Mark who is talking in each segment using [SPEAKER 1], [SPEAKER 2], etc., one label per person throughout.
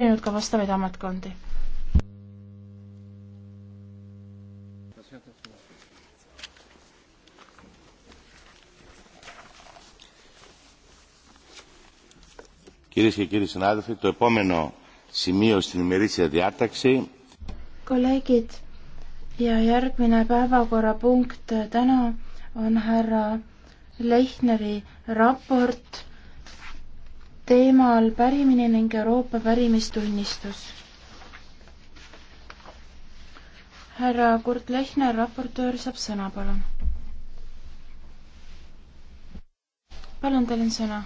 [SPEAKER 1] teinud ka vastavaid ametkondi.
[SPEAKER 2] Κυρίες και κύριοι συνάδελφοι, το επόμενο σημείο στην ημερήσια διάταξη.
[SPEAKER 1] Κολέγιτ, ja järgmine päevakorrapunkt täna on härra Lehneri raport teemal pärimine ning Euroopa pärimistunnistus. härra Kurt Lehner, raportöör, saab sõna, palun. palun, teil on sõna.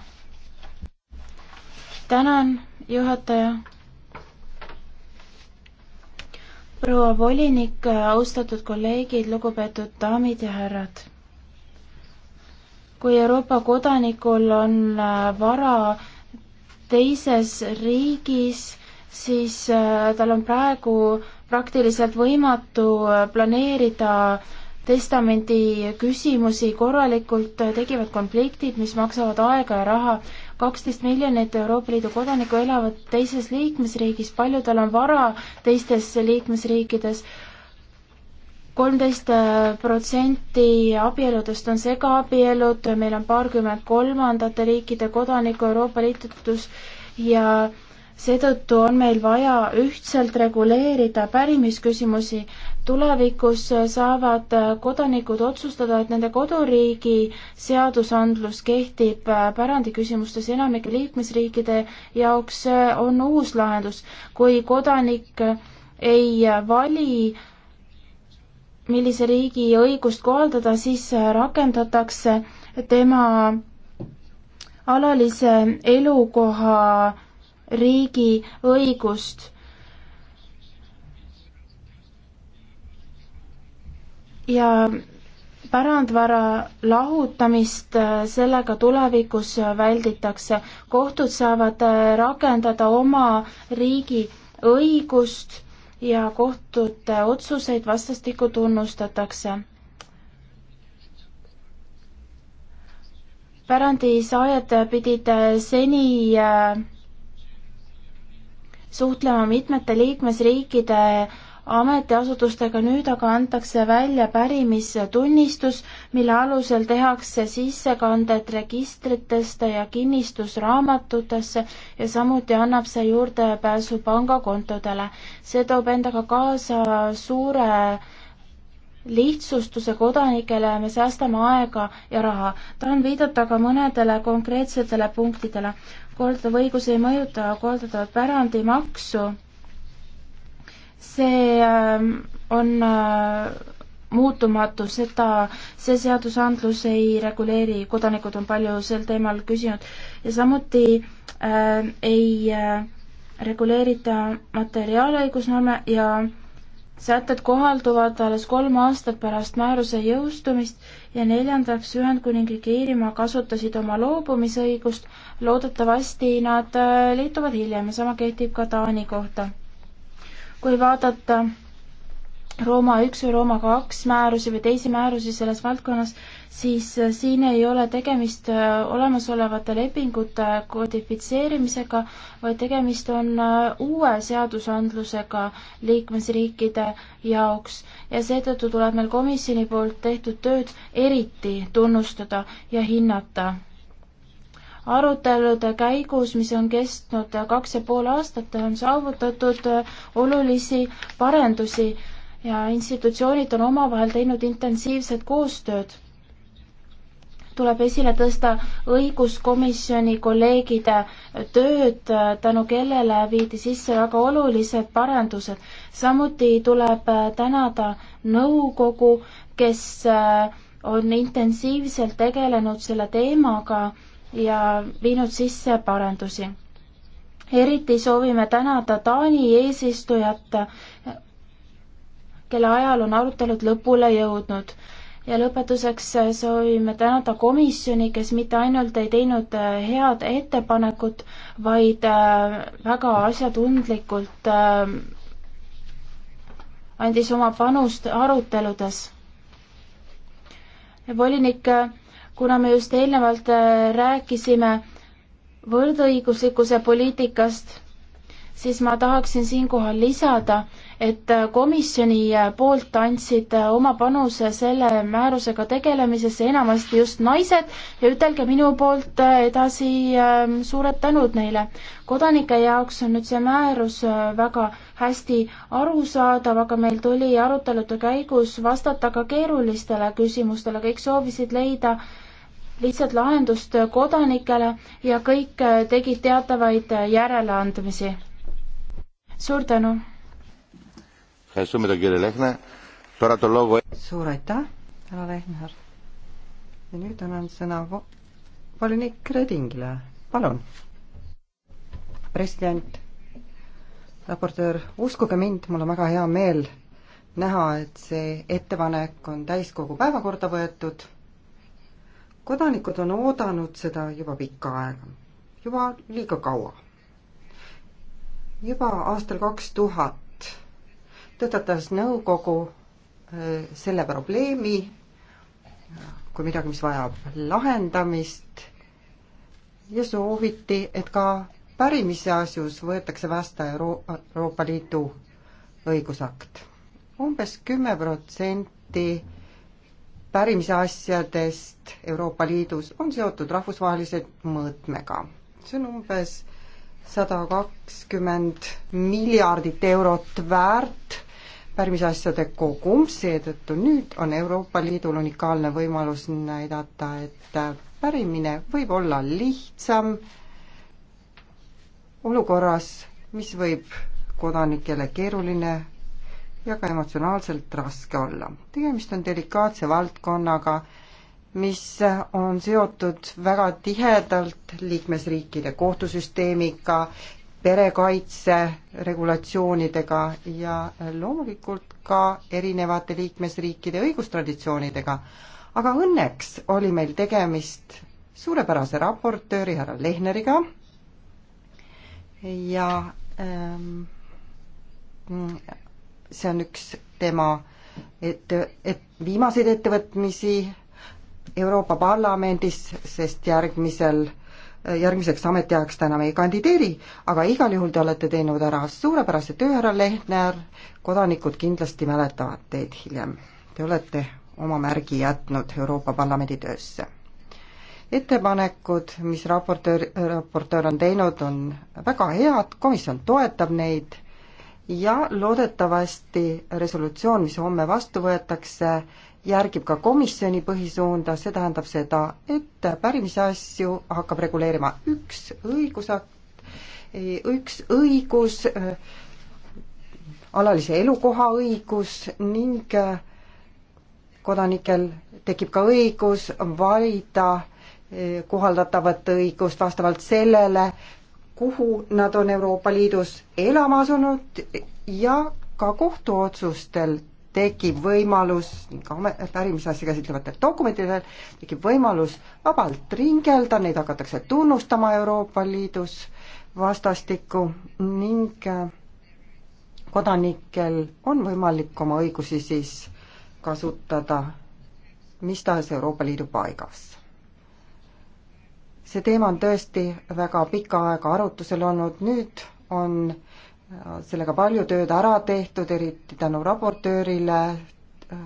[SPEAKER 1] tänan, juhataja. proua volinik, austatud kolleegid, lugupeetud daamid ja härrad. kui Euroopa kodanikul on äh, vara teises riigis, siis äh, tal on praegu praktiliselt võimatu äh, planeerida testamendi küsimusi korralikult, tekivad konfliktid, mis maksavad aega ja raha. kaksteist miljonit Euroopa Liidu kodanikku elavad teises liikmesriigis, palju tal on vara teistes liikmesriikides kolmteist äh, protsenti abieludest on segaabielud, meil on paarkümmend kolmandate riikide kodanikku Euroopa Liidus ja seetõttu on meil vaja ühtselt reguleerida pärimisküsimusi. tulevikus saavad kodanikud otsustada, et nende koduriigi seadusandlus kehtib äh, pärandiküsimustes enamike liikmesriikide jaoks äh, on uus lahendus. kui kodanik ei vali äh, millise riigi õigust kohaldada, siis äh, rakendatakse tema alalise elukoha riigi õigust. ja pärandvara lahutamist äh, sellega tulevikus äh, välditakse. kohtud saavad rakendada oma riigi õigust ja kohtute otsuseid vastastikku tunnustatakse. pärandisaajad pidid seni äh, suhtlema mitmete liikmesriikide ametiasutustega, nüüd aga antakse välja pärimistunnistus, mille alusel tehakse sissekanded registritesse ja kinnistusraamatutesse ja samuti annab see juurdepääsu pangakontodele. see toob endaga kaasa suure lihtsustuse kodanikele, me säästame aega ja raha. tahan viidata ka mõnedele konkreetsetele punktidele. kordatav õigus ei mõjuta kordatavat pärandimaksu see ähm, on äh, muutumatu, seda, see seadusandlus ei reguleeri, kodanikud on palju sel teemal küsinud ja samuti äh, ei äh, reguleerita materiaalõigusnorme ja sätted kohalduvad alles kolm aastat pärast määruse jõustumist ja neljandaks, Ühendkuningriik ja Iirimaa kasutasid oma loobumisõigust, loodetavasti nad äh, liituvad hiljem ja sama kehtib ka Taani kohta kui vaadata Rooma üks või Rooma kaks määrusi või teisi määrusi selles valdkonnas, siis äh, siin ei ole tegemist äh, olemasolevate lepingute kodifitseerimisega, vaid tegemist on äh, uue seadusandlusega liikmesriikide jaoks ja seetõttu tuleb meil komisjoni poolt tehtud tööd eriti tunnustada ja hinnata arutelude käigus, mis on kestnud kaks ja pool aastat, on saavutatud olulisi parendusi ja institutsioonid on omavahel teinud intensiivset koostööd tuleb esile tõsta õiguskomisjoni kolleegide tööd, tänu kellele viidi sisse väga olulised parandused. samuti tuleb tänada nõukogu, kes on intensiivselt tegelenud selle teemaga ja viinud sisse parandusi. eriti soovime tänada Taani eesistujat, kelle ajal on arutelud lõpule jõudnud. ja lõpetuseks soovime tänada komisjoni, kes mitte ainult ei teinud äh, head ettepanekut, vaid äh, väga asjatundlikult ähm, andis oma panust aruteludes. volinik äh, kuna me just eelnevalt äh, rääkisime võrdõiguslikkuse poliitikast, siis ma tahaksin siinkohal lisada, et äh, komisjoni äh, poolt andsid oma panuse selle määrusega tegelemisesse enamasti just naised ja ütelge minu poolt edasi ähm, suured tänud neile. kodanike jaoks on nüüd see määrus väga hästi arusaadav, aga meil tuli arutelude käigus vastata ka keerulistele küsimustele, kõik soovisid leida äh, lihtsalt lahendust kodanikele ja kõik äh, tegid teatavaid äh, järeleandmisi.
[SPEAKER 3] suur tänu! suur aitäh, härra Lehmer! ja nüüd annan sõna volinik Redingile, palun! president, raportöör, uskuge mind, mul on väga hea meel näha, et see ettepanek on täiskogu päevakorda võetud kodanikud on oodanud seda juba pikka aega, juba liiga kaua. juba aastal kaks tuhat tõstatas nõukogu eh, selle probleemi kui midagi, mis vajab lahendamist ja sooviti, et ka pärimise asjus võetakse vastu Euro Euroopa Liidu õigusakt umbes. umbes kümme protsenti pärimise asjadest Euroopa Liidus on seotud rahvusvahelise mõõtmega. see on umbes sada kakskümmend miljardit eurot väärt pärimisasjade kogum, seetõttu nüüd on Euroopa Liidul unikaalne võimalus näidata, et pärimine võib olla lihtsam olukorras, mis võib kodanikele keeruline ja ka emotsionaalselt raske olla. tegemist on delikaatse valdkonnaga, mis on seotud väga tihedalt liikmesriikide kohtusüsteemiga, perekaitse regulatsioonidega ja loomulikult ka erinevate liikmesriikide õigustraditsioonidega. aga õnneks oli meil tegemist suurepärase raportööri härra Lehneriga ja ähm, see on üks tema et, et viimaseid ettevõtmisi Euroopa Parlamendis, sest järgmisel, järgmiseks ametiajaks ta enam ei kandideeri, aga igal juhul te olete teinud ära suurepärase töö, härra Lehtner, kodanikud kindlasti mäletavad teid hiljem. Te olete oma märgi jätnud Euroopa Parlamendi töösse. ettepanekud, mis raportöör, raportöör on teinud, on väga head, komisjon toetab neid ja loodetavasti resolutsioon, mis homme vastu võetakse, järgib ka komisjoni põhisuunda, see tähendab seda, et pärimise asju hakkab reguleerima üks õigusakt, üks õigus, alalise elukoha õigus ning kodanikel tekib ka õigus valida kohaldatavat õigust vastavalt sellele, kuhu nad on Euroopa Liidus elama asunud ja ka kohtuotsustel tekib võimalus, ka pärimisasja käsitlevatel dokumentidel tekib võimalus vabalt ringelda, neid hakatakse tunnustama Euroopa Liidus vastastikku ning äh, kodanikel on võimalik oma õigusi siis kasutada mis tahes Euroopa Liidu paigas see teema on tõesti väga pikka aega arutusel olnud, nüüd on äh, sellega palju tööd ära tehtud, eriti tänu raportöörile, äh,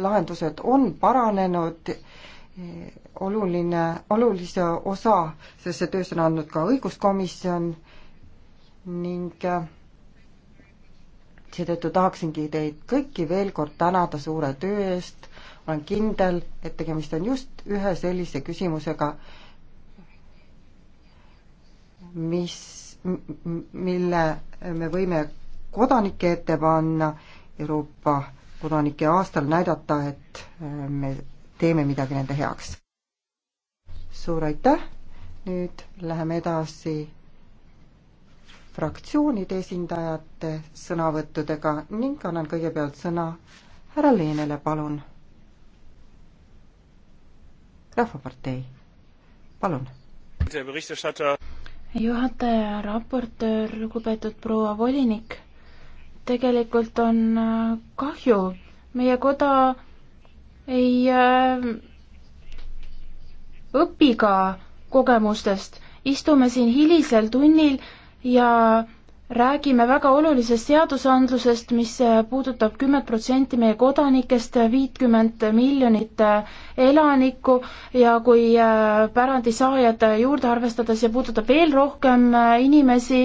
[SPEAKER 3] lahendused on paranenud, äh, oluline, olulise osa sellesse töösse on andnud ka õiguskomisjon ning seetõttu tahaksingi teid kõiki veel kord tänada suure töö eest, olen kindel, et tegemist on just ühe sellise küsimusega, mis, mille me võime kodanike ette panna, Euroopa kodanike aastal näidata, et äh, me teeme midagi nende heaks. suur aitäh, nüüd läheme edasi fraktsioonide esindajate sõnavõttudega ning annan kõigepealt sõna härra Leenele, palun. rahvapartei, palun
[SPEAKER 1] juhataja, raportöör, lugupeetud proua volinik, tegelikult on äh, kahju, meie koda ei äh, õpi ka kogemustest, istume siin hilisel tunnil ja räägime väga olulisest seadusandlusest, mis puudutab kümmet protsenti meie kodanikest, viitkümmet miljonit elanikku ja kui äh, pärandisaajad juurde arvestada, see puudutab veel rohkem äh, inimesi.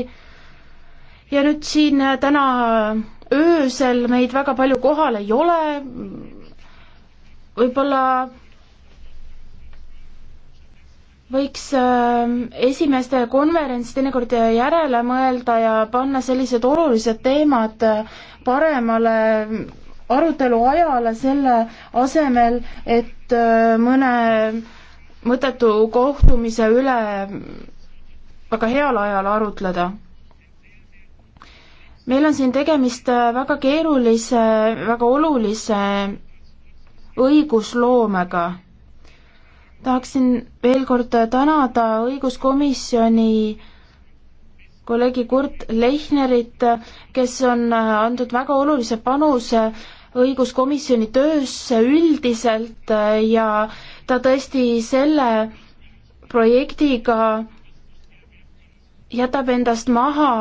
[SPEAKER 1] ja nüüd siin äh, täna öösel meid väga palju kohal ei ole, võib-olla võiks ähm, esimeste konverents teinekord järele mõelda ja panna sellised olulised teemad äh, paremale ähm, arutelu ajale selle asemel, et äh, mõne mõttetu kohtumise üle ähm, väga heal ajal arutleda. meil on siin tegemist äh, väga keerulise, väga olulise õigusloomega tahaksin veel kord tänada õiguskomisjoni kolleegi Kurt Lechnerit, kes on andnud väga olulise panuse õiguskomisjoni töösse üldiselt ja ta tõesti selle projektiga jätab endast maha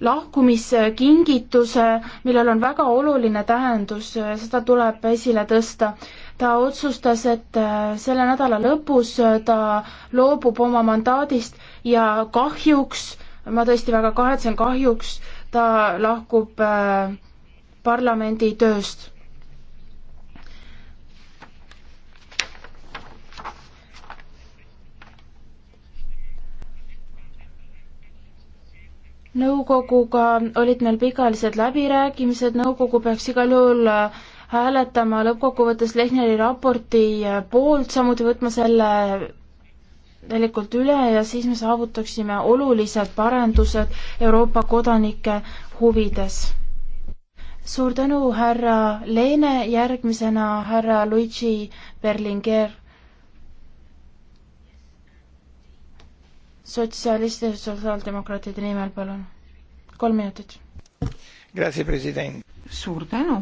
[SPEAKER 1] lahkumiskingituse, millel on väga oluline tähendus, seda tuleb esile tõsta ta otsustas, et äh, selle nädala lõpus äh, ta loobub oma mandaadist ja kahjuks, ma tõesti väga kahetsen, kahjuks ta lahkub äh, parlamendi tööst. nõukoguga olid meil pikaajalised läbirääkimised, nõukogu peaks igal juhul hääletama lõppkokkuvõttes Lehneri raporti poolt, samuti võtma selle tegelikult üle ja siis me saavutaksime olulised parendused Euroopa kodanike huvides. suur tänu, härra Leene, järgmisena härra Luigi Berlinger. sotsialistide ja sotsiaaldemokraatide nimel, palun. kolm minutit. suur tänu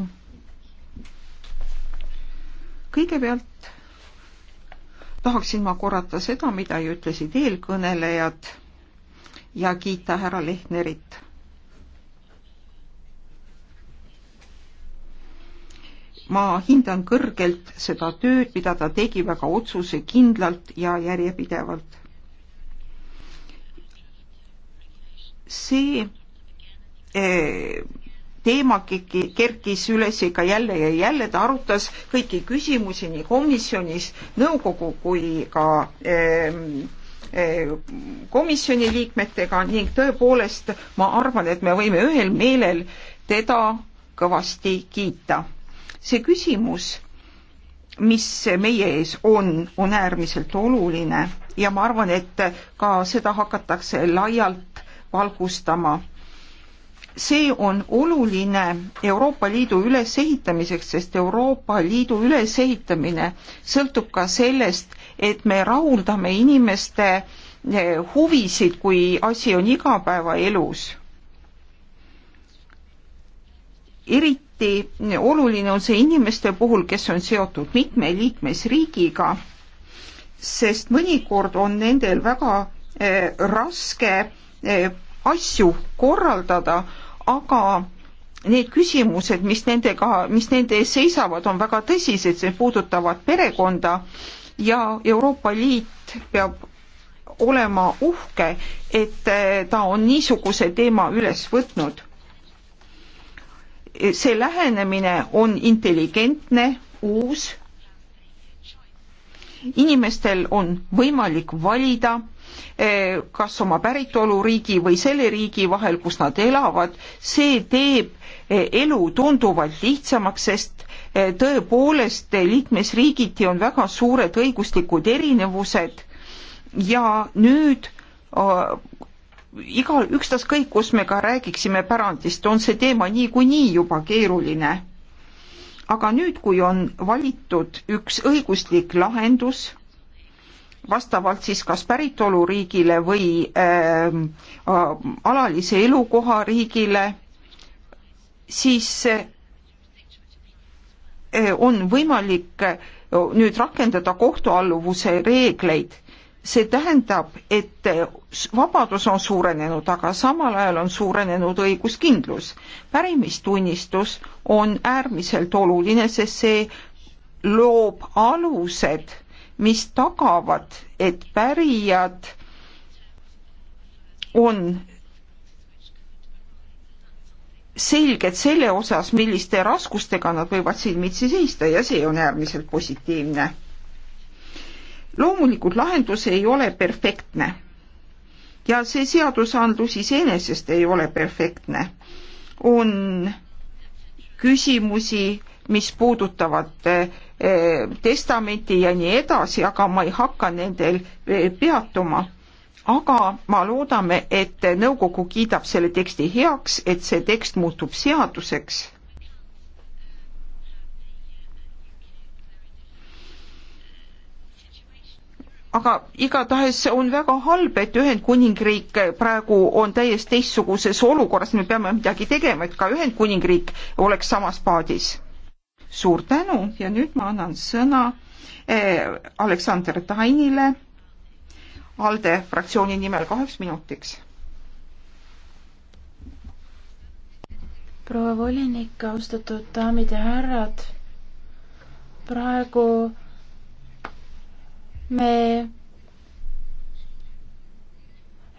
[SPEAKER 4] kõigepealt tahaksin ma korrata seda, mida ju ütlesid eelkõnelejad ja kiita härra Lehtnerit. ma hindan kõrgelt seda tööd, mida ta tegi väga otsusekindlalt ja järjepidevalt. see eh, teema kerkis üles ikka jälle ja jälle, ta arutas kõiki küsimusi nii komisjonis, nõukogu kui ka ehm, ehm, komisjoni liikmetega ning tõepoolest ma arvan, et me võime ühel meelel teda kõvasti kiita. see küsimus, mis meie ees on, on äärmiselt oluline ja ma arvan, et ka seda hakatakse laialt valgustama see on oluline Euroopa Liidu ülesehitamiseks, sest Euroopa Liidu ülesehitamine sõltub ka sellest, et me rahuldame inimeste eh, huvisid, kui asi on igapäevaelus. eriti oluline on see inimeste puhul, kes on seotud mitme liikmesriigiga, sest mõnikord on nendel väga eh, raske eh, asju korraldada, aga need küsimused, mis nendega, mis nende ees seisavad, on väga tõsised, see puudutavad perekonda ja Euroopa Liit peab olema uhke, et eh, ta on niisuguse teema üles võtnud. see lähenemine on intelligentne, uus, inimestel on võimalik valida Eh, kas oma päritoluriigi või selle riigi vahel, kus nad elavad, see teeb eh, elu tunduvalt lihtsamaks, sest eh, tõepoolest liikmesriigiti on väga suured õiguslikud erinevused ja nüüd igal, ükstaskõik, kus me ka räägiksime pärandist, on see teema niikuinii juba keeruline. aga nüüd, kui on valitud üks õiguslik lahendus, vastavalt siis kas päritoluriigile või äh, alalise elukoha riigile, siis äh, on võimalik äh, nüüd rakendada kohtualluvuse reegleid. see tähendab, et äh, vabadus on suurenenud, aga samal ajal on suurenenud õiguskindlus. pärimistunnistus on äärmiselt oluline, sest see loob alused mis tagavad, et pärijad on selged selle osas, milliste raskustega nad võivad silmitsi seista ja see on äärmiselt positiivne. loomulikult lahendus ei ole perfektne ja see seadusandlus iseenesest ei ole perfektne. on küsimusi, mis puudutavad eh, eh, testamenti ja nii edasi, aga ma ei hakka nendel eh, peatuma. aga ma loodame, et nõukogu kiidab selle teksti heaks, et see tekst muutub seaduseks. aga igatahes on väga halb, et Ühendkuningriik praegu on täiesti teistsuguses olukorras, me peame midagi tegema, et ka Ühendkuningriik oleks samas paadis suur tänu ja nüüd ma annan sõna eh, Aleksander Tainile ALDE fraktsiooni nimel kaheks minutiks.
[SPEAKER 1] proua volinik, austatud daamid ja härrad, praegu me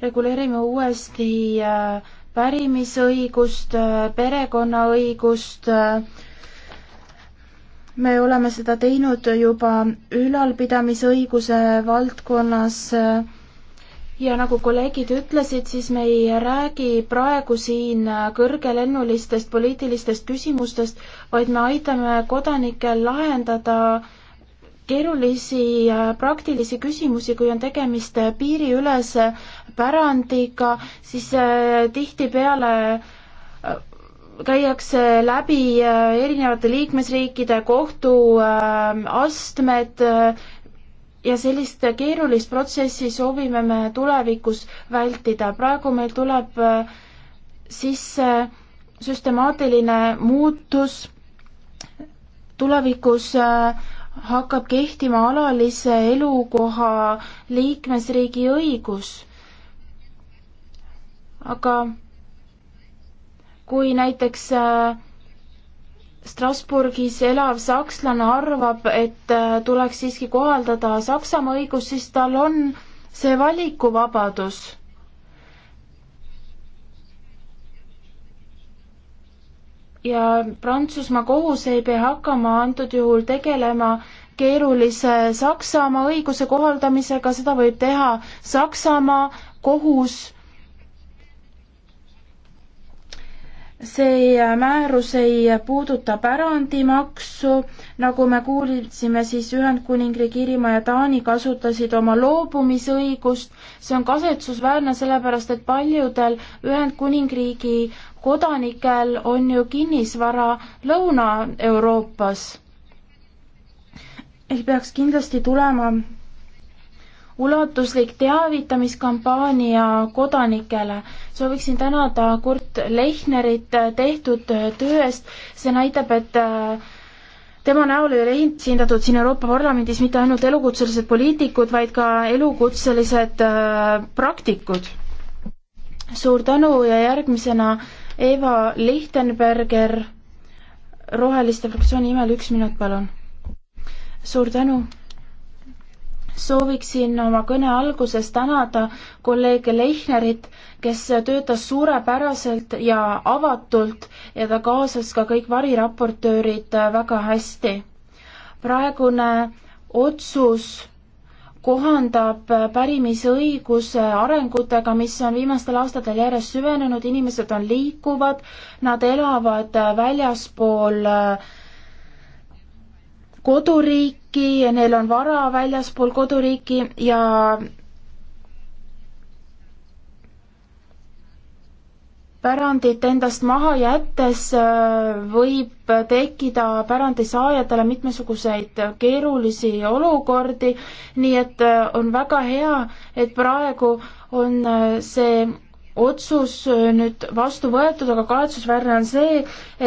[SPEAKER 1] reguleerime uuesti äh, pärimisõigust, äh, perekonnaõigust, äh, me oleme seda teinud juba ülalpidamisõiguse valdkonnas ja nagu kolleegid ütlesid, siis me ei räägi praegu siin kõrgelennulistest poliitilistest küsimustest, vaid me aitame kodanikel lahendada keerulisi praktilisi küsimusi, kui on tegemist piiriülese pärandiga, siis eh, tihtipeale käiakse läbi äh, erinevate liikmesriikide kohtuastmed äh, ja sellist keerulist protsessi soovime me tulevikus vältida. praegu meil tuleb äh, sisse süstemaatiline muutus. tulevikus hakkab kehtima alalise elukoha liikmesriigi õigus. aga kui näiteks äh, Strasburgis elav sakslane arvab, et äh, tuleks siiski kohaldada Saksamaa õigust, siis tal on see valikuvabadus. ja Prantsusmaa kohus ei pea hakkama antud juhul tegelema keerulise Saksamaa õiguse kohaldamisega, seda võib teha Saksamaa kohus see määrus ei puuduta pärandimaksu, nagu me kuulsime, siis Ühendkuningriik, Iirimaa ja Taani kasutasid oma loobumisõigust. see on kasetsusväärne, sellepärast et paljudel Ühendkuningriigi kodanikel on ju kinnisvara Lõuna-Euroopas. ei peaks kindlasti tulema ulatuslik teavitamiskampaania kodanikele. sooviksin tänada Kurt Lehnerit tehtud töö eest, see näitab, et äh, tema näol ei ole esindatud siin Euroopa Parlamendis mitte ainult elukutselised poliitikud, vaid ka elukutselised äh, praktikud. suur tänu ja järgmisena Eva Lichtenberger Roheliste fraktsiooni nimel üks minut, palun. suur tänu sooviksin oma kõne alguses tänada kolleeg Lehnerit, kes töötas suurepäraselt ja avatult ja ta kaasas ka kõik variraportöörid väga hästi. praegune otsus kohandab pärimisõiguse arengutega, mis on viimastel aastatel järjest süvenenud, inimesed on liikuvad, nad elavad väljaspool äh, koduriiki ja neil on vara väljaspool koduriiki ja pärandit endast maha jättes äh, võib tekkida pärandisaajatele mitmesuguseid keerulisi olukordi, nii et äh, on väga hea, et praegu on äh, see otsus äh, nüüd vastu võetud, aga kahetsusväärne on see,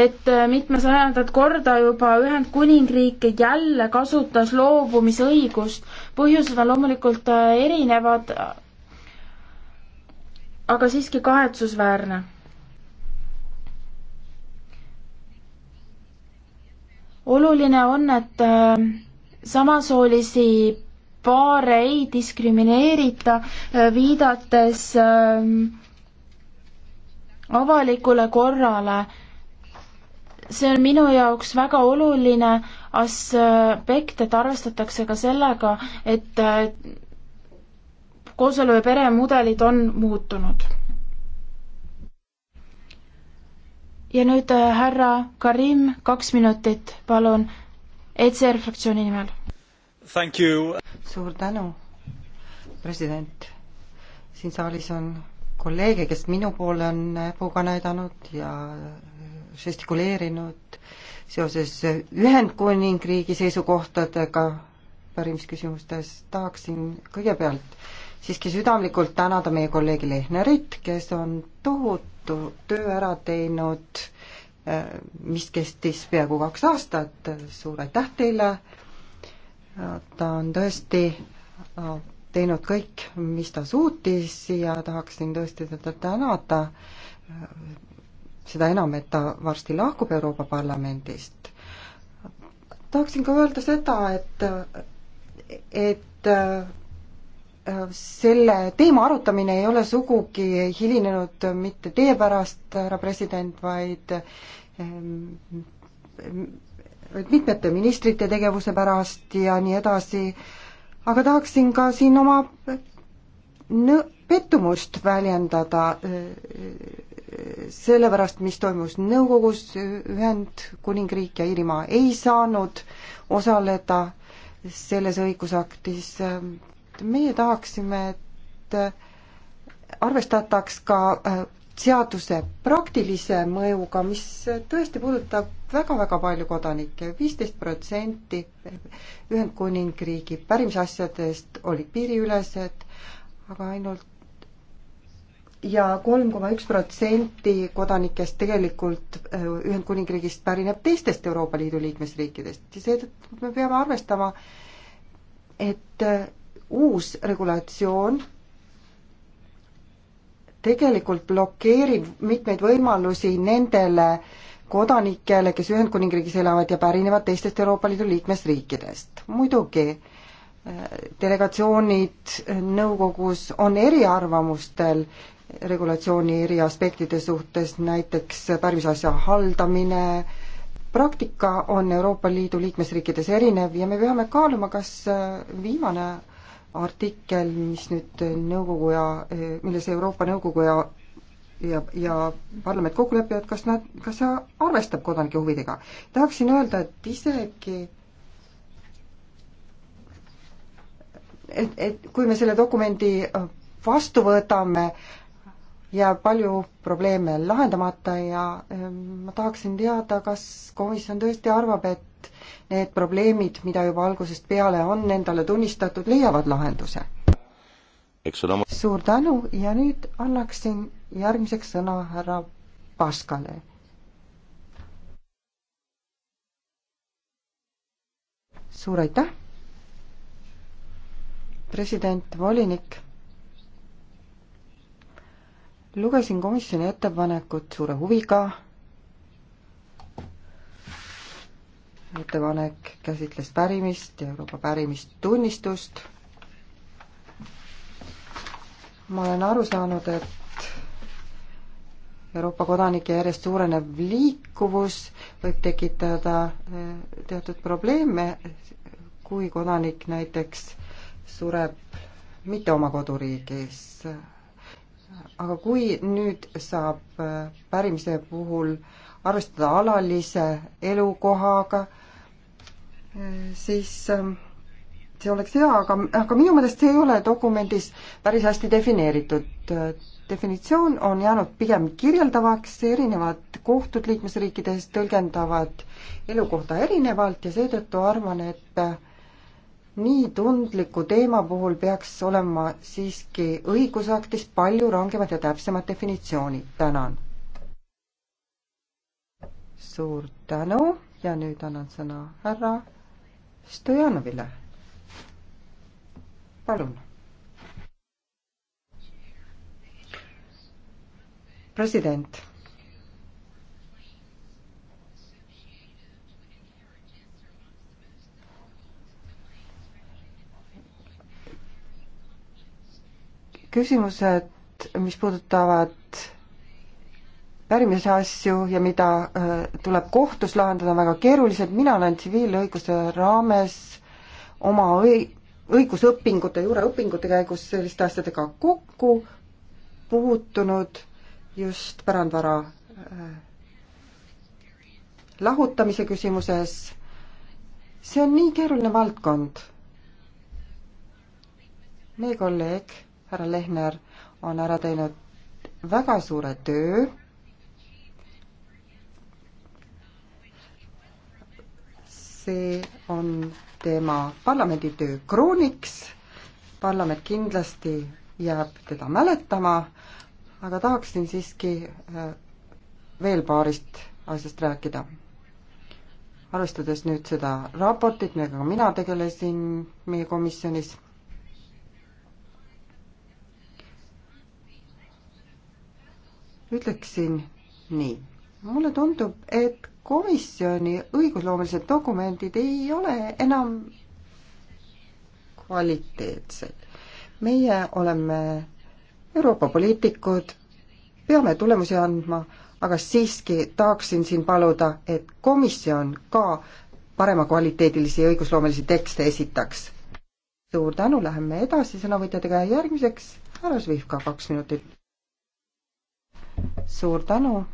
[SPEAKER 1] et äh, mitmesajandat korda juba Ühendkuningriik jälle kasutas loobumisõigust. põhjused on loomulikult äh, erinevad, aga siiski kahetsusväärne. oluline on, et samasoolisi paare ei diskrimineerita, viidates äh, avalikule korrale. see on minu jaoks väga oluline aspekt, et arvestatakse ka sellega, et äh, kooselu ja peremudelid on muutunud. ja nüüd äh, härra Karim, kaks minutit, palun,
[SPEAKER 3] ECR fraktsiooni nimel. suur tänu, president. siin saalis on kolleege, kes minu poole on näpuga näidanud ja žestikuleerinud seoses Ühendkuningriigi seisukohtadega pärimisküsimustes, tahaksin kõigepealt siiski südamlikult tänada meie kolleegi Lehnerit, kes on tohutu töö ära teinud, äh, mis kestis peaaegu kaks aastat, suur aitäh teile, äh, ta on tõesti äh, teinud kõik, mis ta suutis ja tahaksin tõesti teda tänada, seda enam, et ta varsti lahkub Euroopa Parlamendist. tahaksin ka öelda seda, et, et selle teema arutamine ei ole sugugi hilinenud mitte teie pärast, härra president, vaid mitmete ministrite tegevuse pärast ja nii edasi aga tahaksin ka siin oma pettumust väljendada selle pärast, mis toimus nõukogus, Ühendkuningriik ja Iirimaa ei saanud osaleda selles õigusaktis. meie tahaksime, et arvestataks ka seaduse praktilise mõjuga, mis tõesti puudutab väga-väga palju kodanikke, viisteist protsenti Ühendkuningriigi pärimisasjadest olid piiriülesed, aga ainult ja kolm koma üks protsenti kodanikest tegelikult äh, Ühendkuningriigist pärineb teistest Euroopa Liidu liikmesriikidest ja seetõttu me peame arvestama, et äh, uus regulatsioon tegelikult blokeerib mitmeid võimalusi nendele kodanikele, kes Ühendkuningriigis elavad ja pärinevad teistest Euroopa Liidu liikmesriikidest. muidugi äh, delegatsioonid nõukogus on eriarvamustel regulatsiooni eri aspektide suhtes, näiteks tarvisasja haldamine, praktika on Euroopa Liidu liikmesriikides erinev ja me peame kaaluma, kas äh, viimane artikkel, mis nüüd nõukogu ja, milles Euroopa Nõukogu ja ja, ja parlament kokku lepivad, kas nad, kas see arvestab kodanike huvidega. tahaksin öelda, et isegi et, et kui me selle dokumendi vastu võtame, jääb palju probleeme lahendamata ja ähm, ma tahaksin teada, kas komisjon tõesti arvab, et need probleemid, mida juba algusest peale on endale tunnistatud, leiavad lahenduse? suur tänu ja nüüd annaksin järgmiseks sõna härra Paskale suur aitäh! president, volinik, lugesin komisjoni ettepanekut suure huviga. ettepanek käsitles pärimist, Euroopa pärimistunnistust. ma olen aru saanud, et Euroopa kodanike järjest suurenev liikuvus võib tekitada eh, teatud probleeme, kui kodanik näiteks sureb mitte oma koduriigis aga kui nüüd saab äh, pärimise puhul arvestada alalise elukohaga, äh, siis ähm, see oleks hea, aga, aga minu meelest see ei ole dokumendis päris hästi defineeritud. Äh, definitsioon on jäänud pigem kirjeldavaks, erinevad kohtud liikmesriikides tõlgendavad elukohta erinevalt ja seetõttu arvan, et nii tundliku teema puhul peaks olema siiski õigusaktis palju rangemad ja täpsemad definitsioonid. tänan. suur tänu ja nüüd annan sõna härra Stojanovile. palun. president küsimused, mis puudutavad pärimise asju ja mida äh, tuleb kohtus lahendada, on väga keerulised, mina olen tsiviilõiguse raames oma õi-, õigusõpingute, juuraõpingute käigus selliste asjadega kokku puutunud just pärandvara äh, lahutamise küsimuses, see on nii keeruline valdkond. meie kolleeg härra Lehner on ära teinud väga suure töö. see on tema parlamendi töö krooniks. parlament kindlasti jääb teda mäletama, aga tahaksin siiski äh, veel paarist asjast rääkida. arvestades nüüd seda raportit, millega ka mina tegelesin meie komisjonis, ütleksin nii. mulle tundub, et komisjoni õigusloomelised dokumendid ei ole enam kvaliteetsed. meie oleme Euroopa poliitikud, peame tulemusi andma, aga siiski tahaksin siin paluda, et komisjon ka paremakvaliteedilisi õigusloomelisi tekste esitaks. suur tänu, läheme edasi sõnavõtjatega ja järgmiseks härra Zvihka, kaks minutit suur tänu.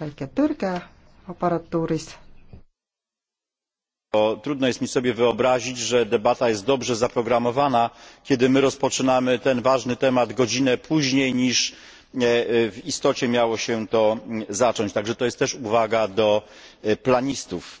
[SPEAKER 3] väike tõrge aparatuuris.
[SPEAKER 2] Trudno jest mi sobie wyobrazić, że debata jest dobrze zaprogramowana, kiedy my rozpoczynamy ten ważny temat godzinę później niż e, w istocie miało się to mm, zacząć. Także to jest też uwaga do e, planistów.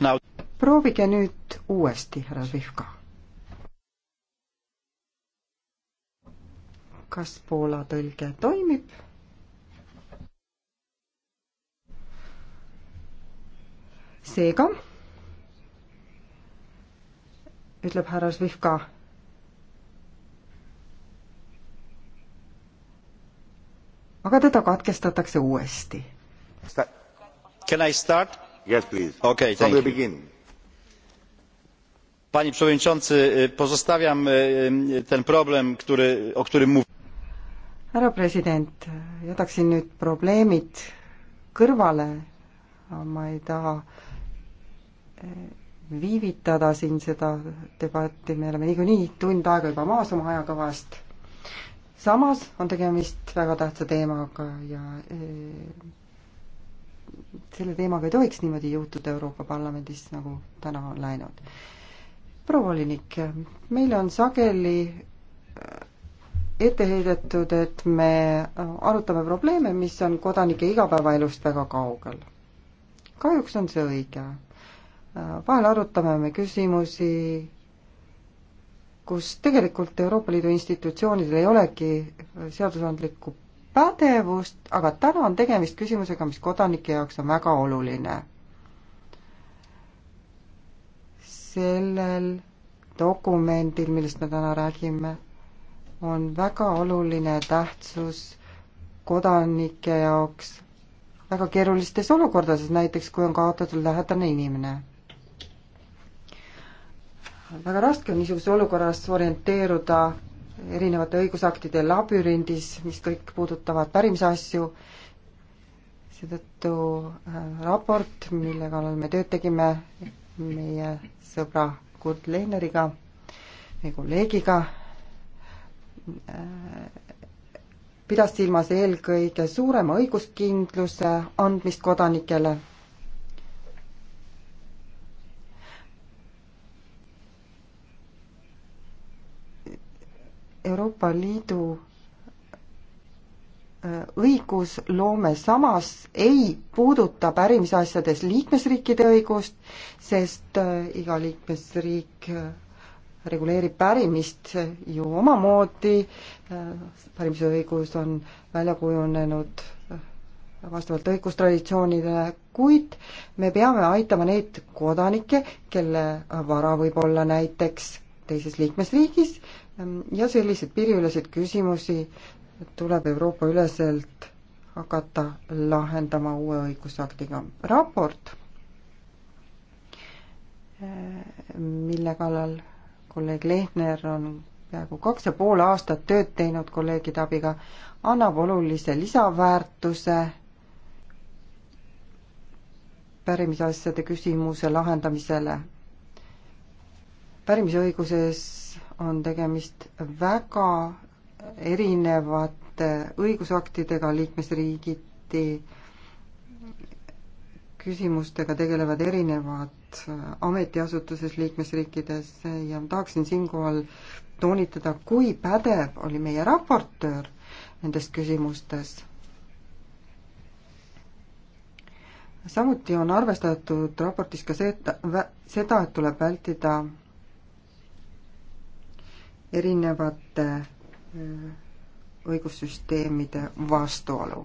[SPEAKER 2] Now...
[SPEAKER 3] proovige nüüd uuesti, härra Zvihka. kas Poola tõlge toimib? seega ütleb härra Zvihka. aga teda katkestatakse uuesti.
[SPEAKER 2] Can I start? panie przewodniczący! pozostawiam ten problem o którym mówił
[SPEAKER 3] härra president jätaksin nüüd probleemid kõrvale ma ei taha e, viivitada siin seda debatti me oleme niikuinii tund aega juba maas oma ajakavast samas on tegemist väga tähtsa teemaga ja e, selle teemaga ei tohiks niimoodi juhtuda Euroopa Parlamendis, nagu täna on läinud. proua volinik, meile on sageli äh, ette heidetud, et me äh, arutame probleeme, mis on kodanike igapäevaelust väga kaugel. kahjuks on see õige. Äh, vahel arutame me küsimusi, kus tegelikult Euroopa Liidu institutsioonidel ei olegi seadusandlikku pädevust, aga täna on tegemist küsimusega, mis kodanike jaoks on väga oluline. sellel dokumendil, millest me täna räägime, on väga oluline tähtsus kodanike jaoks väga keerulistes olukordades, näiteks kui on kaotatud lähedane inimene. väga raske on niisuguses olukorras orienteeruda erinevate õigusaktide labürindis, mis kõik puudutavad pärimisasju, seetõttu äh, raport, mille kallal me tööd tegime meie sõbra Kurt Lehneriga, meie kolleegiga, äh, pidas silmas eelkõige suurema õiguskindluse andmist kodanikele Euroopa Liidu äh, õigusloome samas ei puuduta pärimisasjades liikmesriikide õigust, sest äh, iga liikmesriik äh, reguleerib pärimist ju omamoodi, pärimise õigus on välja kujunenud vastavalt õigustraditsioonidele, kuid me peame aitama neid kodanikke, kelle vara võib olla näiteks teises liikmesriigis Ähm, ja selliseid piiriüleseid küsimusi tuleb Euroopa üleselt hakata lahendama uue õigusaktiga. raport, äh, mille kallal kolleeg Lehtner on peaaegu kaks ja pool aastat tööd teinud kolleegide abiga, annab olulise lisaväärtuse pärimisasjade küsimuse lahendamisele. pärimisõiguses on tegemist väga erinevate õigusaktidega liikmesriigiti, küsimustega tegelevad erinevad ametiasutuses liikmesriikides ja ma tahaksin siinkohal toonitada, kui pädev oli meie raportöör nendes küsimustes. samuti on arvestatud raportis ka see, et seda, et tuleb vältida erinevate äh, õigussüsteemide vastuolu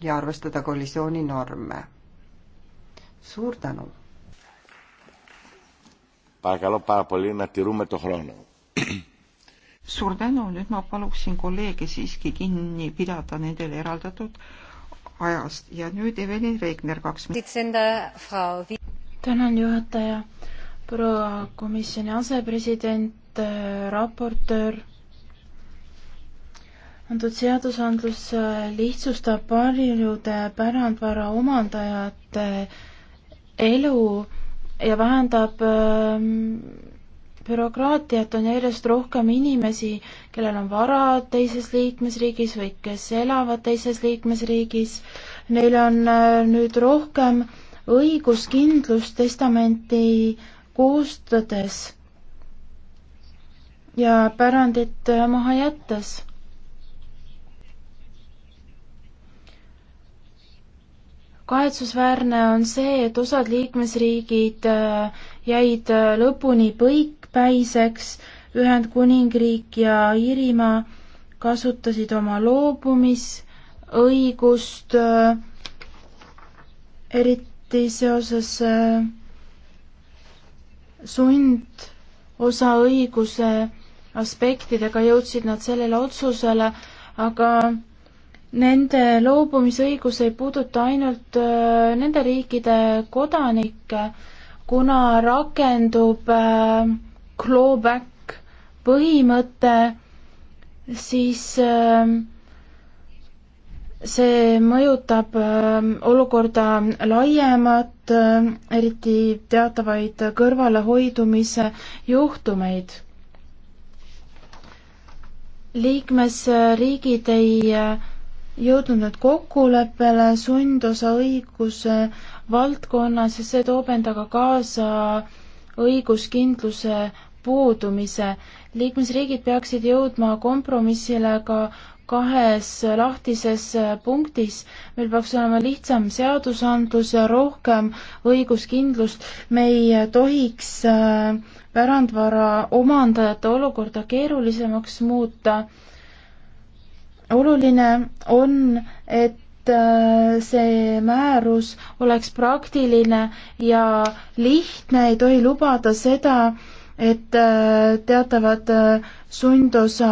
[SPEAKER 3] ja arvestada kollisiooni norme. suur tänu!
[SPEAKER 4] suur tänu, nüüd ma paluksin kolleege siiski kinni pidada nendele eraldatud ajast ja nüüd Evelyn Reegner kaks
[SPEAKER 1] minutit. tänan, juhataja proua komisjoni asepresident, raportöör. antud seadusandlus lihtsustab paljude pärandvara omandajate elu ja vähendab ähm, bürokraatiat, on järjest rohkem inimesi, kellel on varad teises liikmesriigis või kes elavad teises liikmesriigis. Neil on äh, nüüd rohkem õiguskindlust testamenti koostades ja pärandit maha jättes. kahetsusväärne on see, et osad liikmesriigid äh, jäid äh, lõpuni põikpäiseks, Ühendkuningriik ja Iirimaa kasutasid oma loobumisõigust, äh, eriti seoses äh, sundosaõiguse aspektidega jõudsid nad sellele otsusele, aga nende loobumisõigus ei puuduta ainult äh, nende riikide kodanikke, kuna rakendub äh, clawback põhimõte, siis äh, see mõjutab ähm, olukorda laiemat, ähm, eriti teatavaid kõrvalehoidumise juhtumeid. liikmesriigid ei äh, jõudnud nüüd kokkuleppele sundosa õiguse valdkonnas ja see toob endaga kaasa õiguskindluse puudumise. liikmesriigid peaksid jõudma kompromissile ka kahes lahtises äh, punktis. meil peaks olema lihtsam seadusandlus ja rohkem õiguskindlust. me ei äh, tohiks äh, pärandvara omandajate olukorda keerulisemaks muuta. oluline on, et see määrus oleks praktiline ja lihtne, ei tohi lubada seda, et äh, teatavad äh, sundosa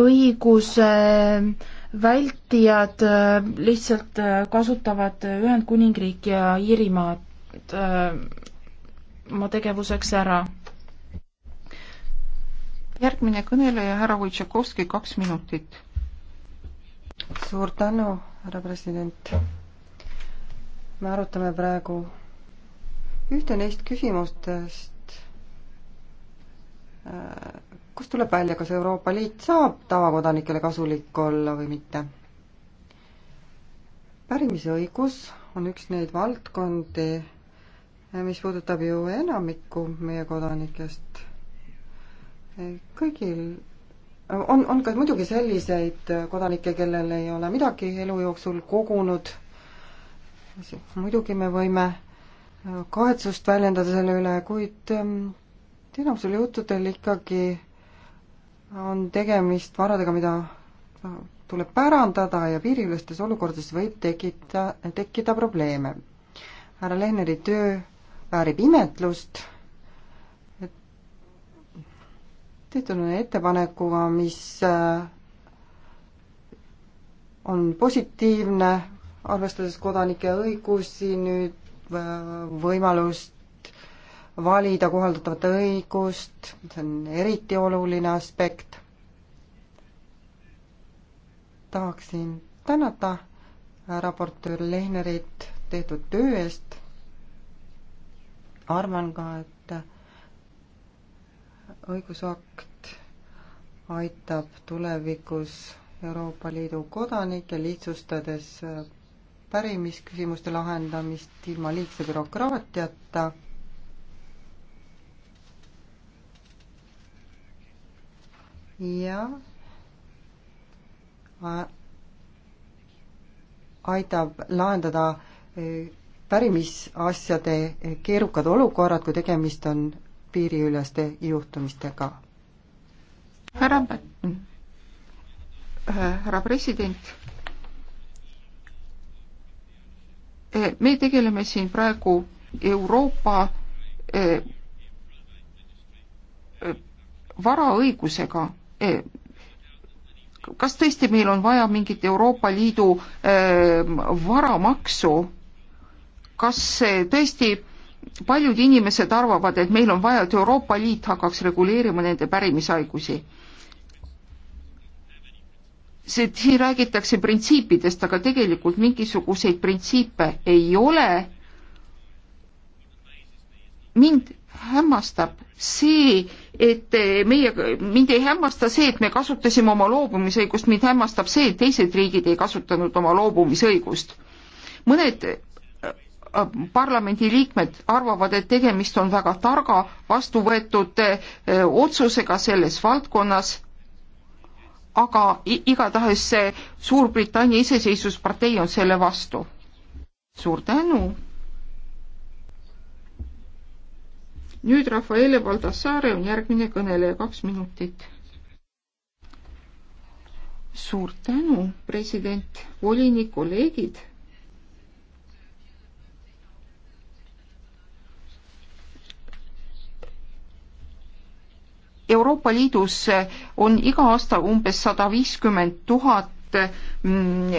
[SPEAKER 1] õiguse vältijad äh, lihtsalt kasutavad Ühendkuningriiki ja Iirimaad oma tegevuseks ära. järgmine kõneleja, härra Võitšakovski, kaks
[SPEAKER 3] minutit. suur tänu, härra president. me arutame praegu ühte neist küsimustest, kust tuleb välja, kas Euroopa Liit saab tavakodanikele kasulik olla või mitte? pärimisõigus on üks neid valdkondi, mis puudutab ju enamikku meie kodanikest. kõigil on, on ka muidugi selliseid kodanikke, kellel ei ole midagi elu jooksul kogunud. muidugi me võime kahetsust väljendada selle üle, kuid ähm, et enamusel juhtudel ikkagi on tegemist varadega, mida tuleb pärandada ja piiriülestes olukordades võib tekita, tekkida probleeme. härra Lehneri töö väärib imetlust, et tehtud on ettepanekuga, mis äh, on positiivne, arvestades kodanike õigusi, nüüd äh, võimalust valida kohaldatavat õigust, see on eriti oluline aspekt. tahaksin tänada raportöör Lehnerit tehtud töö eest. arvan ka, et õigusakt aitab tulevikus Euroopa Liidu kodanikke, lihtsustades pärimisküsimuste lahendamist ilma liigse bürokraatiata ja aitab lahendada e, pärimisasjade e, keerukad olukorrad, kui tegemist on piiriüleste juhtumistega. härra, mm. äh, härra president,
[SPEAKER 4] e, me tegeleme siin praegu Euroopa varaõigusega Eh, kas tõesti meil on vaja mingit Euroopa Liidu eh, varamaksu? kas eh, tõesti paljud inimesed arvavad, et meil on vaja, et Euroopa Liit hakkaks reguleerima nende pärimishaigusi? see, siin räägitakse printsiipidest, aga tegelikult mingisuguseid printsiipe ei ole. mind hämmastab see, et eh, meie, mind ei hämmasta see, et me kasutasime oma loobumisõigust, mind hämmastab see, et teised riigid ei kasutanud oma loobumisõigust. mõned eh, parlamendiliikmed arvavad, et tegemist on väga targa vastu võetud eh, otsusega selles valdkonnas, aga igatahes see Suurbritannia iseseisvuspartei on selle vastu. suur tänu! nüüd Rafaele Valdassare on järgmine kõneleja, kaks minutit. suur tänu, president, volinik, kolleegid. Euroopa Liidus on iga aasta umbes sada viiskümmend tuhat mm,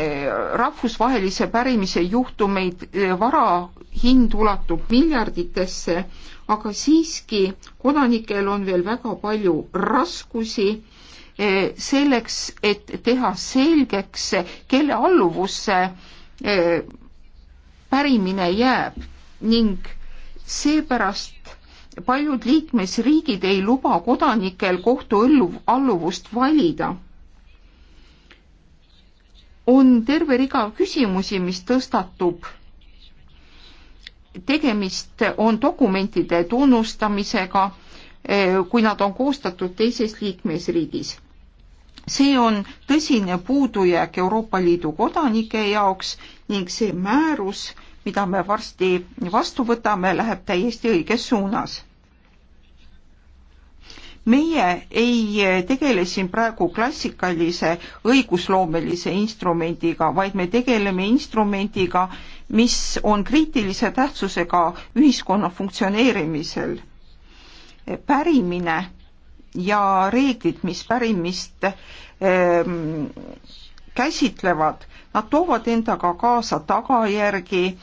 [SPEAKER 4] rahvusvahelise pärimise juhtumeid, vara hind ulatub miljarditesse aga siiski kodanikel on veel väga palju raskusi eh, selleks, et teha selgeks, kelle alluvusse eh, pärimine jääb ning seepärast paljud liikmesriigid ei luba kodanikel kohtu alluvust valida on terve rida küsimusi, mis tõstatub tegemist on dokumentide tunnustamisega, eh, kui nad on koostatud teises liikmesriigis. see on tõsine puudujääk Euroopa Liidu kodanike jaoks ning see määrus, mida me varsti vastu võtame, läheb täiesti õiges suunas meie ei tegele siin praegu klassikalise õigusloomelise instrumendiga, vaid me tegeleme instrumendiga, mis on kriitilise tähtsusega ühiskonna funktsioneerimisel. pärimine ja reeglid, mis pärimist ähm, käsitlevad, nad toovad endaga kaasa tagajärgi,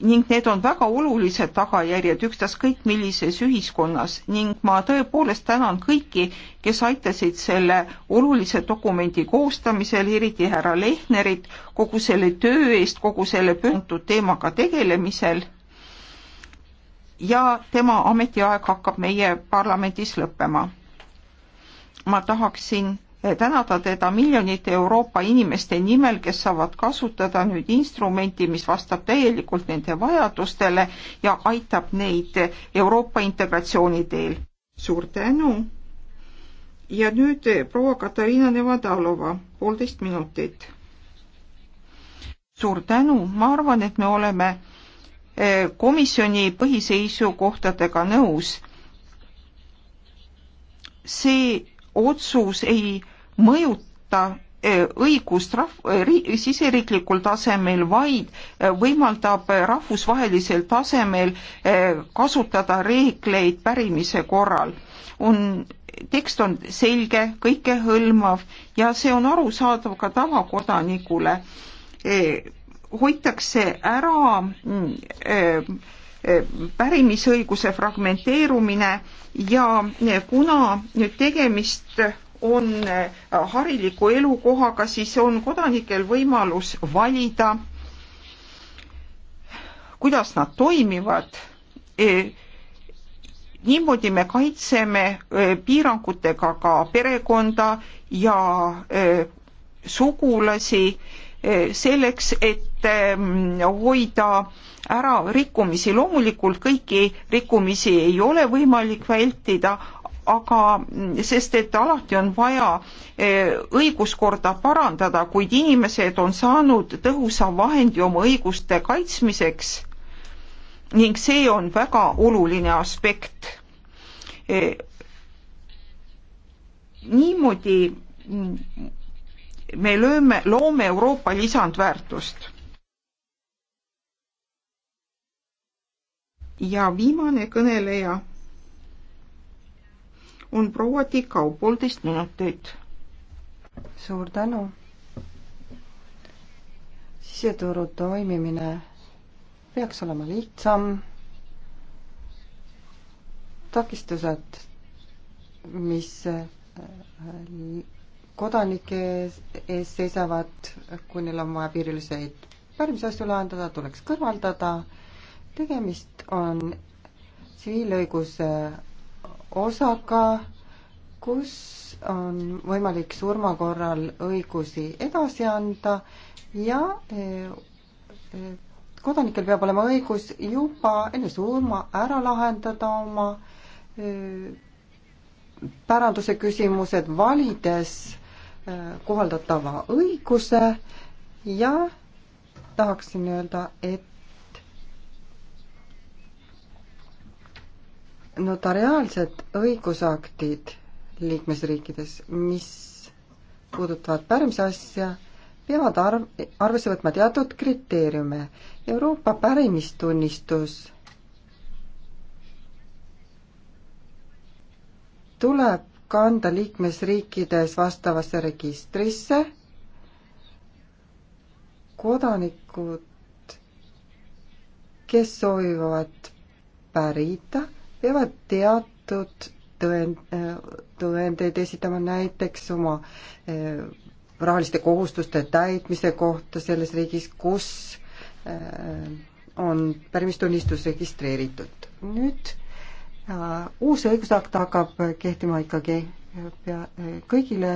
[SPEAKER 4] ning need on väga olulised tagajärjed ükstaskõik millises ühiskonnas ning ma tõepoolest tänan kõiki, kes aitasid selle olulise dokumendi koostamisel, eriti härra Lehnerit, kogu selle töö eest, kogu selle pühendatud teemaga tegelemisel. ja tema ametiaeg hakkab meie parlamendis lõppema. ma tahaksin Eh, tänada teda miljonite Euroopa inimeste nimel, kes saavad kasutada nüüd instrumenti, mis vastab täielikult nende vajadustele ja aitab neid Euroopa integratsiooni teel. suur tänu. ja nüüd eh, proua Katariina Nevadalova, poolteist minutit. suur tänu, ma arvan, et me oleme eh, komisjoni põhiseisukohtadega nõus. see otsus ei mõjuta eh, õigust rahv-, eh, siseriiklikul tasemel, vaid eh, võimaldab rahvusvahelisel tasemel kasutada reegleid pärimise korral. on, tekst on selge, kõikehõlmav ja see on arusaadav ka tavakodanikule. hoitakse ära öö, mm, pärimisõiguse fragmenteerumine ja kuna nüüd tegemist on hariliku elukohaga, siis on kodanikel võimalus valida, kuidas nad toimivad. E, niimoodi me kaitseme e, piirangutega ka perekonda ja e, sugulasi selleks, et hoida ära rikkumisi. loomulikult kõiki rikkumisi ei ole võimalik vältida, aga mm, sest, et alati on vaja eh, õiguskorda parandada, kuid inimesed on saanud tõhusa vahendi oma õiguste kaitsmiseks ning see on väga oluline aspekt. Eh, niimoodi mm, me lööme, loome Euroopa lisandväärtust ja viimane kõneleja
[SPEAKER 3] on proua Tikau, poolteist minutit. suur tänu. siseturu toimimine peaks olema lihtsam. takistused, mis äh, kodanike ees seisavad, kui neil on vaja piiriüleseid pärimisasju lahendada, tuleks kõrvaldada tegemist on tsiviilõiguse osaga, kus on võimalik surma korral õigusi edasi anda ja eh, eh, kodanikel peab olema õigus juba enne surma ära lahendada oma eh, päranduse küsimused, valides kohaldatava õiguse ja tahaksin öelda, et notariaalsed õigusaktid liikmesriikides, mis puudutavad pärimise asja, peavad arv, arvesse võtma teatud kriteeriume. Euroopa pärimistunnistus tuleb kanda liikmesriikides vastavasse registrisse, kodanikud, kes soovivad pärida peavad teatud tõend, tõendeid esitama näiteks oma eh, rahaliste kohustuste täitmise kohta selles riigis, kus eh, on pärimistunnistus registreeritud. nüüd eh, uus õigusakt hakkab kehtima ikkagi pea kõigile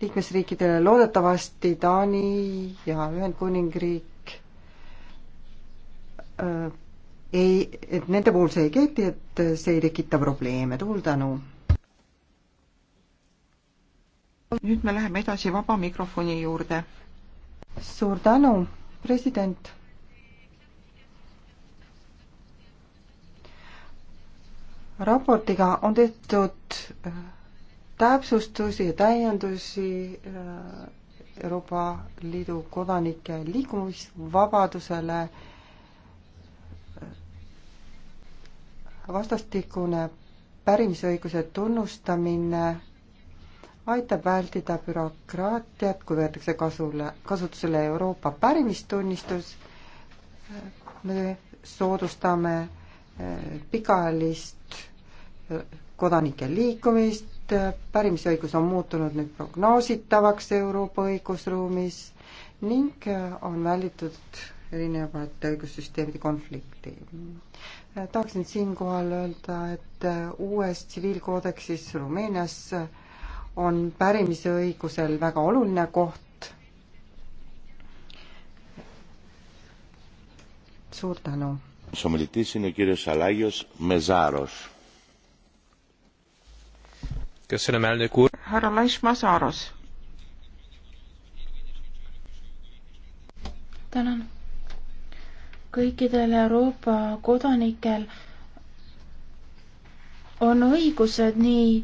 [SPEAKER 3] liikmesriikidele, loodetavasti Taani ja Ühendkuningriik ei, et nende puhul see ei kehti, et see ei tekita probleeme, tuul tänu.
[SPEAKER 4] nüüd me läheme edasi vaba
[SPEAKER 3] mikrofoni juurde. suur tänu, president. raportiga on tehtud äh, täpsustusi ja täiendusi äh, Euroopa Liidu kodanike liikumisvabadusele vastastikune pärimisõiguse tunnustamine aitab vältida bürokraatiat, kui võetakse kasule, kasutusele Euroopa pärimistunnistus. me soodustame eh, pikaajalist eh, kodanike liikumist, pärimisõigus on muutunud nüüd prognoositavaks Euroopa õigusruumis ning eh, on välditud erinevate õigussüsteemide konflikti. Äh, tahaksin siinkohal öelda, et äh, uues tsiviilkoodeksis Rumeenias äh, on pärimisõigusel väga oluline koht. suur tänu.
[SPEAKER 4] härra Laish Mazaros.
[SPEAKER 1] tänan kõikidel Euroopa kodanikel on õigused nii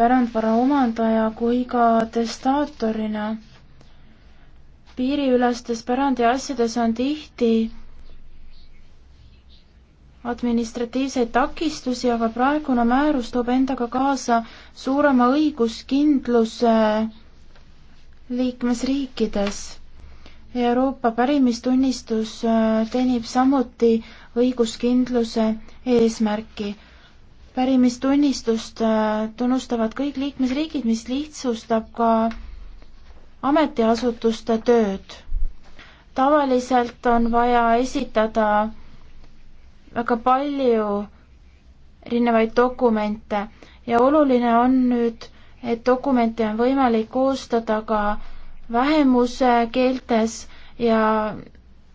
[SPEAKER 1] pärandvara omandaja kui ka testaatorina. piiriülestes pärandiasjades on tihti administratiivseid takistusi, aga praegune määrus toob endaga kaasa suurema õiguskindluse liikmesriikides Euroopa pärimistunnistus äh, teenib samuti õiguskindluse eesmärki. pärimistunnistust äh, tunnustavad kõik liikmesriigid, mis lihtsustab ka ametiasutuste tööd. tavaliselt on vaja esitada väga palju erinevaid dokumente ja oluline on nüüd, et dokumente on võimalik koostada ka vähemuskeeltes ja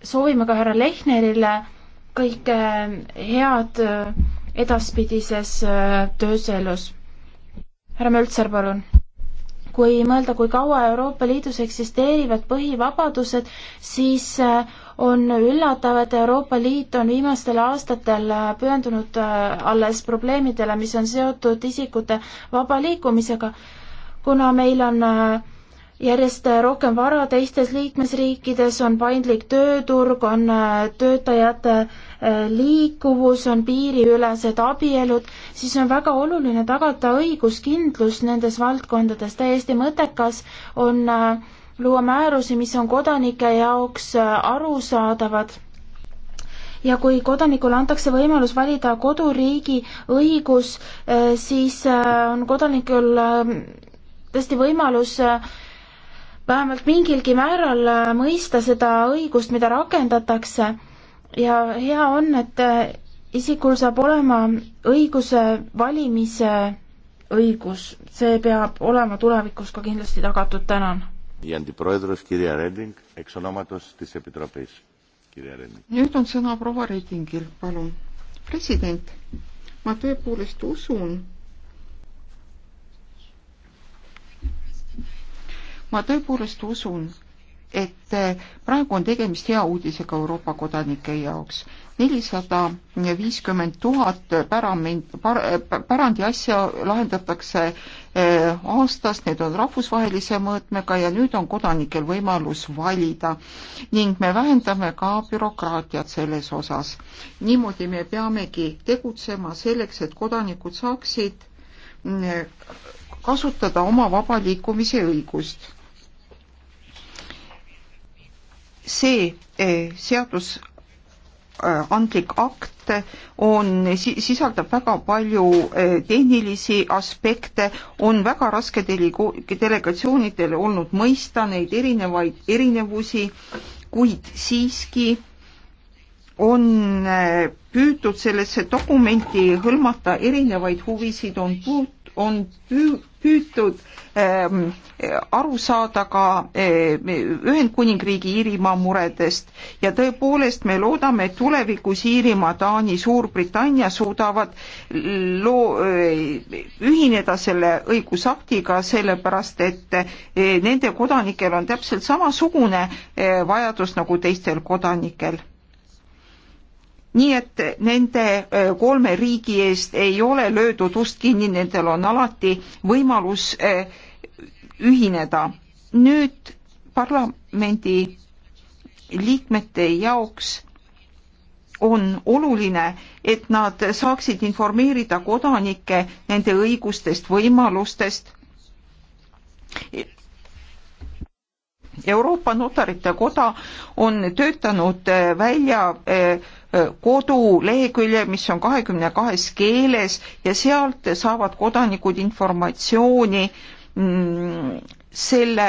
[SPEAKER 1] soovime ka härra Lehnerile kõike äh, head äh, edaspidises äh, tööselus. härra Möltser, palun. kui mõelda, kui kaua Euroopa Liidus eksisteerivad põhivabadused, siis on üllatav, et Euroopa Liit on viimastel aastatel pühendunud alles probleemidele, mis on seotud isikute vaba liikumisega, kuna meil on äh, järjest rohkem vara teistes liikmesriikides, on paindlik tööturg, on äh, töötajate äh, liikuvus, on piiriülesed abielud, siis on väga oluline tagada õiguskindlus nendes valdkondades. täiesti mõttekas on äh, luua määrusi, mis on kodanike jaoks arusaadavad ja kui kodanikule antakse võimalus valida koduriigi õigus, siis on kodanikul tõesti võimalus äh, vähemalt mingilgi määral mõista seda õigust, mida rakendatakse ja hea on, et isikul saab olema õiguse valimise õigus, see peab olema tulevikus ka kindlasti tagatud, tänan. nüüd on sõna proua
[SPEAKER 4] Redingil, palun. president, ma tõepoolest usun, ma tõepoolest usun, et eh, praegu on tegemist hea uudisega Euroopa kodanike jaoks. nelisada viiskümmend tuhat pärament, pärandiasja lahendatakse eh, aastas, need on rahvusvahelise mõõtmega ja nüüd on kodanikel võimalus valida ning me vähendame ka bürokraatiat selles osas. niimoodi me peamegi tegutsema selleks, et kodanikud saaksid mm, eh, kasutada oma vaba liikumise õigust see eh, seadus eh, andlik akt on, sisaldab väga palju eh, tehnilisi aspekte, on väga raske delego-, delegatsioonidel olnud mõista neid erinevaid erinevusi, kuid siiski on eh, püütud sellesse dokumenti hõlmata erinevaid huvisid, on puut-, on püü-, püütud ähm, aru saada ka ähm, Ühendkuningriigi Iirimaa muredest ja tõepoolest me loodame, et tulevikus Iirimaa, Taani, Suurbritannia suudavad loo- äh,, ühineda selle õigusaktiga, sellepärast et äh, nende kodanikel on täpselt samasugune äh, vajadus nagu teistel kodanikel nii et nende kolme riigi eest ei ole löödud ust kinni, nendel on alati võimalus ühineda. nüüd parlamendi liikmete jaoks on oluline, et nad saaksid informeerida kodanikke nende õigustest, võimalustest. Euroopa Notarite Koda on töötanud välja eh, kodulehekülje, mis on kahekümne kahes keeles ja sealt saavad kodanikud informatsiooni mm, selle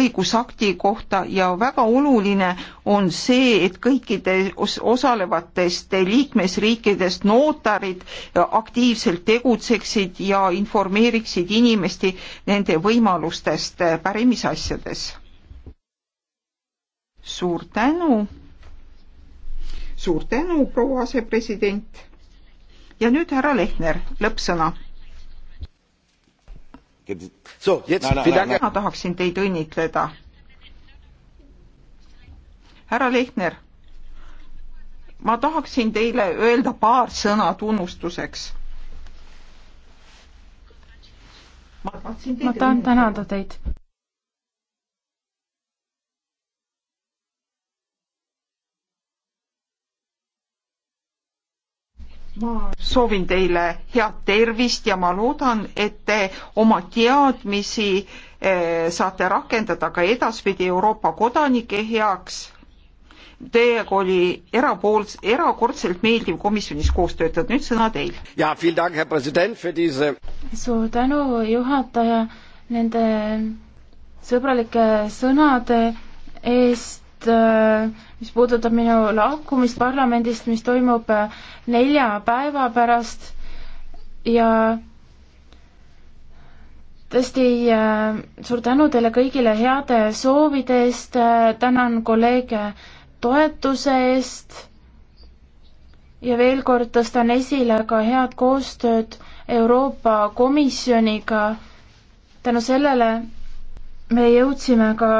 [SPEAKER 4] õigusakti kohta ja väga oluline on see, et kõikides osalevatest liikmesriikidest notarid aktiivselt tegutseksid ja informeeriksid inimesti nende võimalustest äh, pärimisasjades. suur tänu suur tänu, proua asepresident. ja nüüd härra Lehtner, lõppsõna. mina tahaksin teid õnnitleda. härra Lehtner, ma tahaksin teile öelda paar sõna tunnustuseks
[SPEAKER 1] ma tahan tänada teid.
[SPEAKER 4] ma soovin teile head tervist ja ma loodan, et te oma teadmisi eh, saate rakendada ka edaspidi Euroopa kodanike heaks. Teiega oli erapool-, erakordselt meeldiv komisjonis koos töötada, nüüd sõna teil. jaa, diese...
[SPEAKER 1] suur tänu, juhataja, nende sõbralike sõnade eest äh, mis puudutab minu lahkumist parlamendist, mis toimub äh, nelja päeva pärast ja tõesti äh, suur tänu teile kõigile heade soovide eest, äh, tänan kolleege toetuse eest ja veel kord tõstan esile ka head koostööd Euroopa Komisjoniga. tänu sellele me jõudsime ka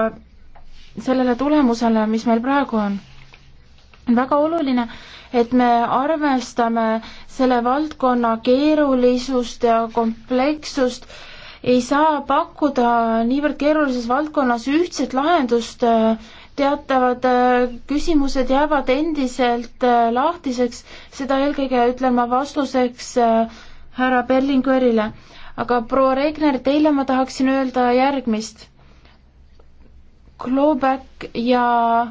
[SPEAKER 1] sellele tulemusele, mis meil praegu on. on väga oluline, et me arvestame selle valdkonna keerulisust ja komplekssust, ei saa pakkuda niivõrd keerulises valdkonnas ühtset lahendust, teatavad äh, küsimused jäävad endiselt äh, lahtiseks, seda eelkõige ütlen ma vastuseks äh, härra Berlinguerile. aga proua Regner, teile ma tahaksin öelda järgmist clawback ja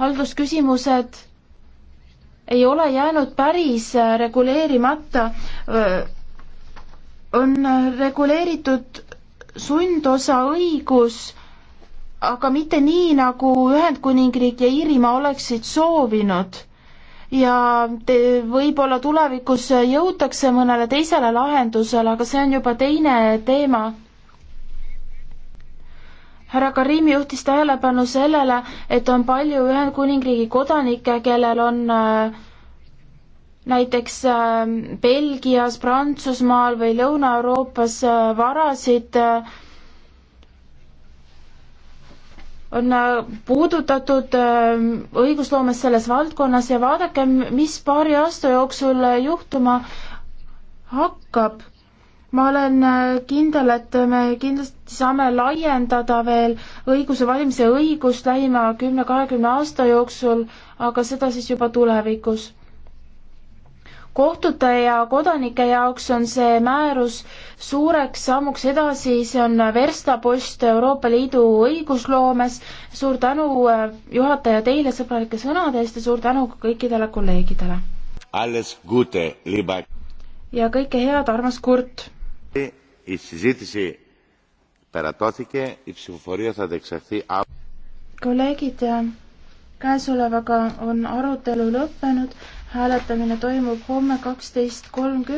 [SPEAKER 1] haldusküsimused ei ole jäänud päris äh, reguleerimata, äh, on äh, reguleeritud sundosa õigus, aga mitte nii, nagu Ühendkuningriik ja Iirimaa oleksid soovinud. ja võib-olla tulevikus jõutakse mõnele teisele lahendusele, aga see on juba teine teema härra Karimi juhtis tähelepanu sellele, et on palju Ühendkuningriigi kodanikke, kellel on äh, näiteks äh, Belgias, Prantsusmaal või Lõuna-Euroopas äh, varasid äh, on äh, puudutatud äh, õigusloomes selles valdkonnas ja vaadake, mis paari aasta jooksul äh, juhtuma hakkab ma olen äh, kindel, et me kindlasti saame laiendada veel õiguse valimise õigust lähima kümne-kahekümne aasta jooksul, aga seda siis juba tulevikus. kohtute ja kodanike jaoks on see määrus suureks sammuks edasi, see on verstapost Euroopa Liidu õigusloomes. suur tänu äh, juhataja teile sõbralike sõnade eest ja suur tänu kõikidele kolleegidele. ja kõike head, armas Kurt
[SPEAKER 2] Η συζήτηση περατώθηκε, η ψηφοφορία θα δεξαχθεί αύριο.
[SPEAKER 1] Kolleegid, käesolevaga on arutelu lõppenud, hääletamine toimub homme kaksteist kolmkümmend.